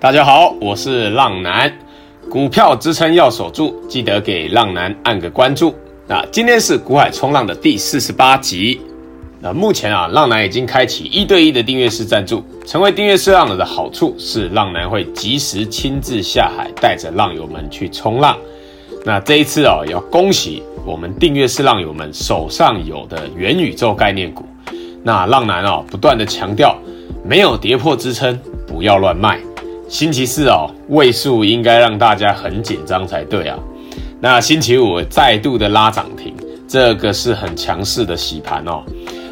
大家好，我是浪男，股票支撐要守住，記得給浪男按個關注。那今天是股海衝浪的第四十八集。那目前啊，浪男已經開啟一對一的訂閱式贊助，成為訂閱式浪人的好處是，浪男會及時親自下海，帶着浪友們去衝浪。那這一次啊，要恭喜我們訂閱式浪友們手上有的元宇宙概念股。那浪男啊，不斷的強調，沒有跌破支撐，不要亂賣。星期四哦，位速應該讓大家很緊張才對啊。那星期五再度的拉漲停，這個是很強勢的洗盤哦。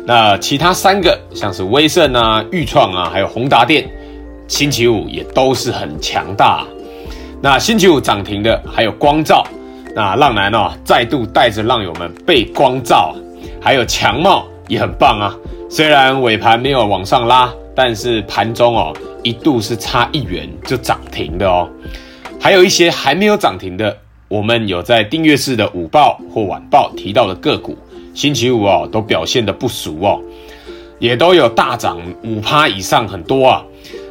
那其他三個像是威盛啊、鈺創啊，還有宏達電，星期五也都是很強大。那星期五漲停的還有光罩，那浪男哦，再度帶着浪友們被光罩，還有強茂，也很棒啊。雖然尾盤沒有往上拉。但是盤中哦，一度是差一元就漲停的哦，還有一些還沒有漲停的，我們有在訂閱式的午報或晚報提到的個股，星期五哦都表現的不俗哦，也都有大漲五趴以上很多啊。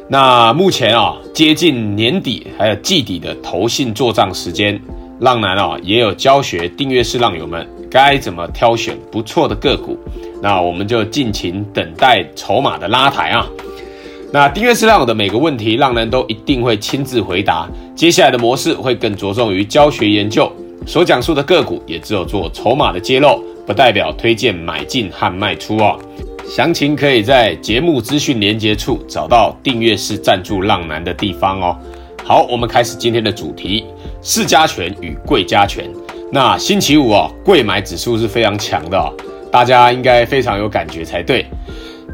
那目前啊、哦、接近年底還有季底的投信做賬時間，浪男啊、哦、也有教學訂閱式浪友們。該怎麼挑選不錯的個股？那我們就盡情等待籌碼的拉抬啊！那訂閱式浪友的每個問題，浪男都一定會親自回答。接下來的模式會更着重於教學研究，所講述的個股也只有做籌碼的揭露，不代表推薦買進和賣出哦、啊。詳情可以在節目資訊連結處找到訂閱式贊助浪男的地方哦。好，我們開始今天的主題：市加權與櫃加權。那星期五啊、哦，櫃買指數是非常強的、哦，大家應該非常有感覺才對，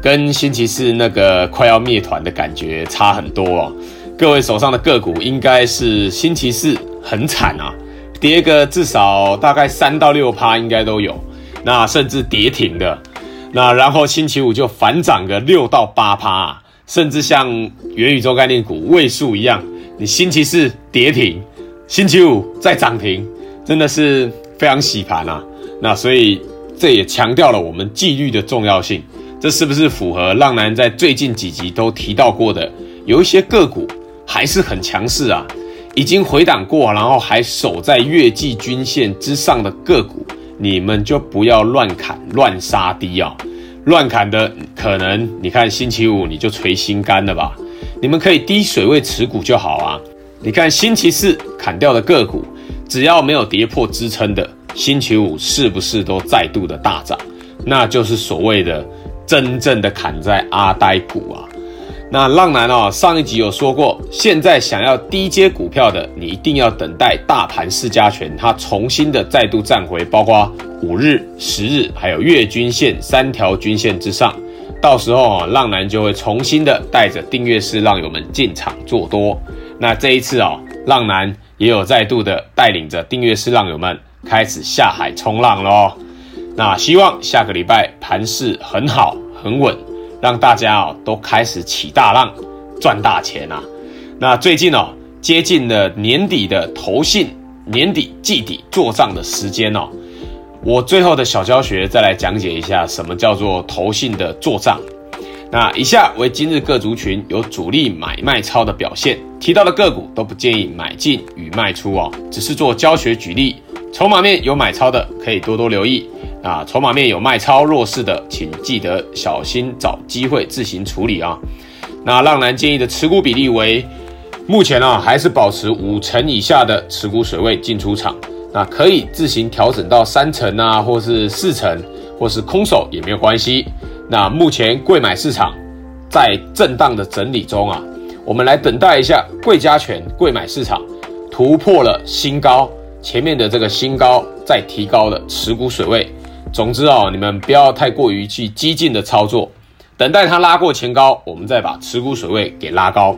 跟星期四那個快要滅團的感覺差很多哦。各位手上的個股應該是星期四很慘啊，跌個至少大概三到六趴應該都有，那甚至跌停的。那然後星期五就反漲個六到八趴、啊，甚至像元宇宙概念股位速一樣，你星期四跌停，星期五再漲停。真的是非常洗盤啊，那所以這也強調了我們紀律的重要性。這是不是符合浪男在最近幾集都提到過的？有一些個股還是很強勢啊，已經回檔過，然後還守在月季均線之上的個股，你們就不要亂砍亂殺低啊、哦，亂砍的可能你看星期五你就捶心肝了吧。你們可以低水位持股就好啊。你看星期四砍掉的個股。只要沒有跌破支撐的星期五，是不是都再度的大漲？那就是所謂的真正的砍在阿呆股啊。那浪男啊，上一集有說過，現在想要低接股票的，你一定要等待大盤市加權它重新的再度站回，包括五日、十日還有月均線三條均線之上。到時候啊，浪男就會重新的帶着訂閱式浪友們進場做多。那這一次啊，浪男。也有再度的帶領着訂閱式浪友們開始下海衝浪嘍。那希望下個禮拜盤勢很好很穩，讓大家啊都開始起大浪，賺大錢啊。那最近哦接近了年底的投信年底季底做賬的時間哦，我最後的小教學再來講解一下什麼叫做投信的做賬。那以下為今日各族群有主力買賣超的表現，提到的個股都不建議買進與賣出哦，只是做教學舉例。籌碼面有買超的可以多多留意，啊，籌碼面有賣超弱勢的，請記得小心找機會自行處理啊。那浪男建議的持股比例為，目前啊還是保持五成以下的持股水位進出場，那可以自行調整到三成啊，或是四成，或是空手也沒有關係。那目前櫃買市場在震蕩的整理中啊，我們來等待一下櫃加權櫃買市場突破了新高，前面的這個新高再提高了持股水位。總之啊、哦，你們不要太過於去激進的操作，等待它拉過前高，我們再把持股水位給拉高。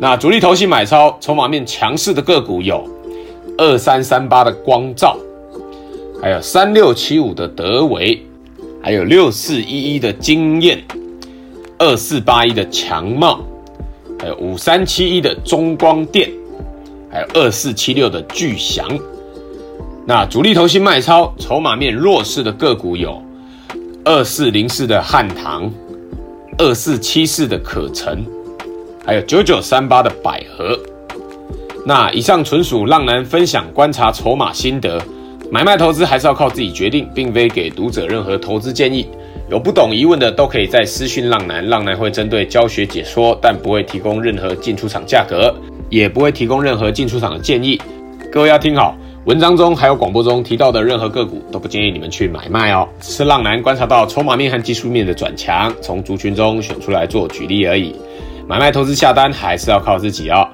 那主力投信買超籌碼面強勢的個股有二三三八的光罩，還有三六七五的德微。還有六四一一的晶炎，二四八一的強茂，還有五三七一的中光電，還有二四七六的鉅祥。那主力投信賣超，籌碼面弱勢的個股有二四零四的漢唐，二四七四的可成，還有九九三八的百和。那以上純屬浪男分享觀察籌碼心得。買賣投資還是要靠自己決定，並非給讀者任何投資建議。有不懂疑問的都可以在私訊浪男，浪男會針對教學解說，但不會提供任何進出場價格，也不會提供任何進出場的建議。各位要聽好，文章中還有廣播中提到的任何個股都不建議你們去買賣哦。只是浪男觀察到籌碼面和技術面的轉強，從族群中選出來做舉例而已。買賣投資下單還是要靠自己哦。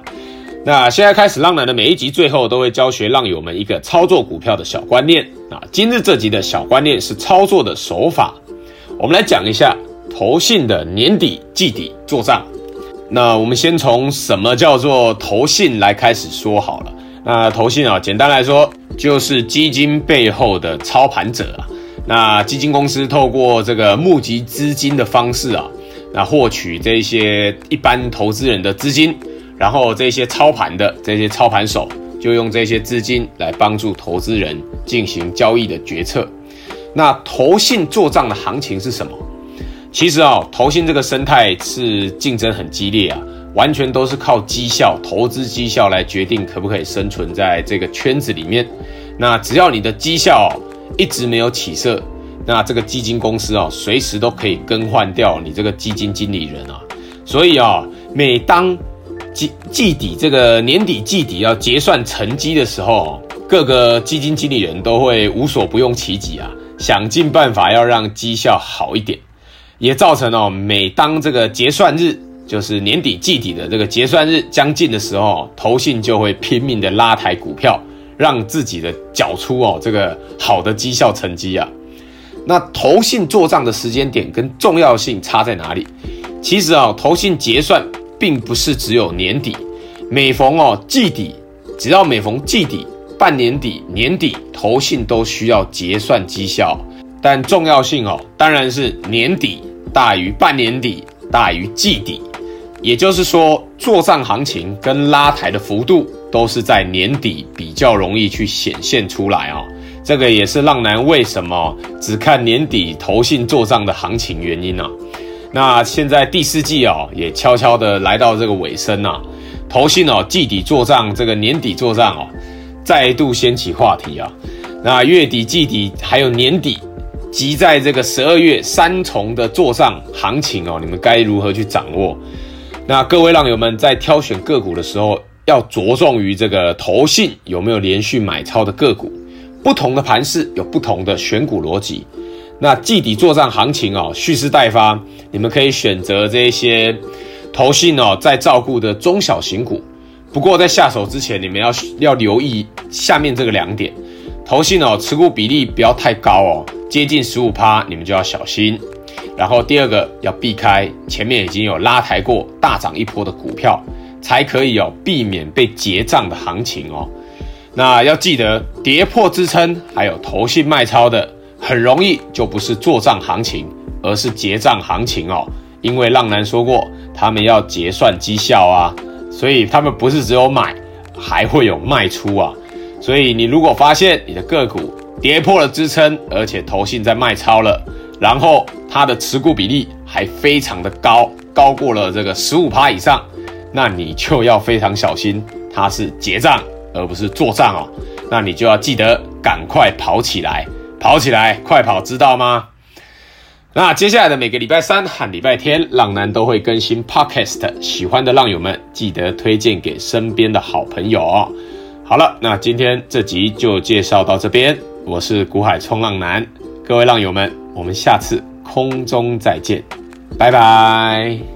那現在開始，浪男的每一集最後都會教學浪友們一個操作股票的小觀念啊。今日這集的小觀念是操作的手法，我們來講一下投信的年底季底做賬。作那我們先從什麼叫做投信來開始說好了。那投信啊，簡單來說就是基金背後的操盤者啊。那基金公司透過這個募集資金的方式啊，那獲取這些一般投資人的資金。然後這些操盤的這些操盤手就用這些資金來幫助投資人進行交易的決策。那投信做賬的行情是什麼？其實啊，投信這個生態是競爭很激烈啊，完全都是靠績效、投資績效來決定可不可以生存在這個圈子裡面。那只要你的績效一直沒有起色，那這個基金公司啊，隨時都可以更換掉你這個基金經理人啊。所以啊，每當季季底這個年底季底要結算成績的時候，各個基金經理人都會無所不用其極啊，想盡辦法要讓績效好一點，也造成哦，每當這個結算日，就是年底季底的這個結算日將近的時候，投信就會拼命的拉抬股票，讓自己的繳出哦這個好的績效成績啊。那投信做賬的時間點跟重要性差在哪裡？其實啊、哦，投信結算並不是只有年底，每逢哦季底，只要每逢季底、半年底、年底，投信都需要結算績效，但重要性哦當然是年底大於半年底大於季底，也就是說做賬行情跟拉抬的幅度都是在年底比較容易去顯現出來哦，這個也是浪男為什麼只看年底投信做賬的行情原因啊。那現在第四季啊、哦,也悄悄的來到這個尾聲吶、啊。投信哦，季底做賬，這個年底做賬哦，再度掀起話題啊。那月底、季底還有年底，集在這個十二月三重的做賬行情哦，你們該如何去掌握？那各位浪友們在挑選個股的時候，要着重於這個投信有沒有連續買超的個股。不同的盤勢有不同的選股邏輯。那季底做帳行情哦，蓄勢待發，你們可以選擇這一些投信哦，在照顧的中小型股。不過在下手之前，你們要要留意下面這個兩點：投信哦持股比例不要太高哦，接近十五趴你們就要小心。然後第二個要避開前面已經有拉抬過大漲一波的股票，才可以哦避免被結賬的行情哦。那要記得跌破支撐，還有投信賣超的。很容易就不是做賬行情，而是結賬行情哦。因為浪男說過，他們要結算績效啊，所以他們不是只有買，還會有賣出啊。所以你如果發現你的個股跌破了支撐，而且投信在賣超了，然後它的持股比例還非常的高，高過了這個十五趴以上，那你就要非常小心，它是結賬而不是做賬哦。那你就要記得趕快跑起來。跑起來，快跑，知道嗎？那接下來的每個禮拜三和禮拜天，浪男都會更新 podcast，喜歡的浪友們記得推薦給身邊的好朋友哦。好了，那今天這集就介紹到這邊，我是股海衝浪男，各位浪友們，我們下次空中再見，拜拜。